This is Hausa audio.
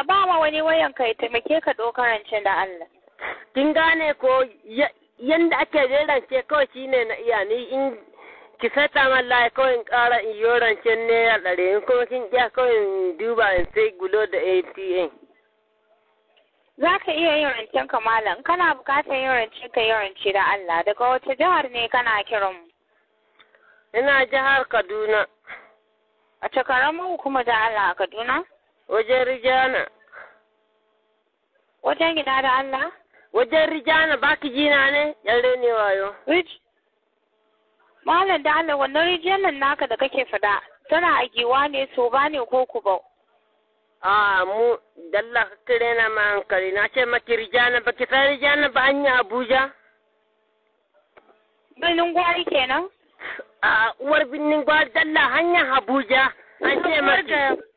Ka ba ma wani wayan ka ya taimake ka ɗaukar da Allah. Kin gane ko yanda ake rance kawai shine na iya ni in ki saita man layi kawai in ƙara in yi rancen naira ɗari in kuma kin iya kawai in duba in sai gulo da ATM. Za ka iya yin rancen ka malam kana buƙatar yin rancen ka yin rance da Allah daga wata jihar ne kana kiran mu. Ina jihar Kaduna. A cakaran mu kuma da Allah a Kaduna? Wajen Rijana. Wajen gida da Allah? Wajen Rijana baki jina ne, ‘yan ne yau. Rij. Malam da Allah wannan Rijanan naka da kake fada, tana a giwa ne, so ba ne ko ku ba? a mu dalla kire na ma hankali na ce maki rijana ba ki san rijana ba an yi abuja birnin gwari kenan a uwar birnin gwari dalla hanyar abuja an ce maki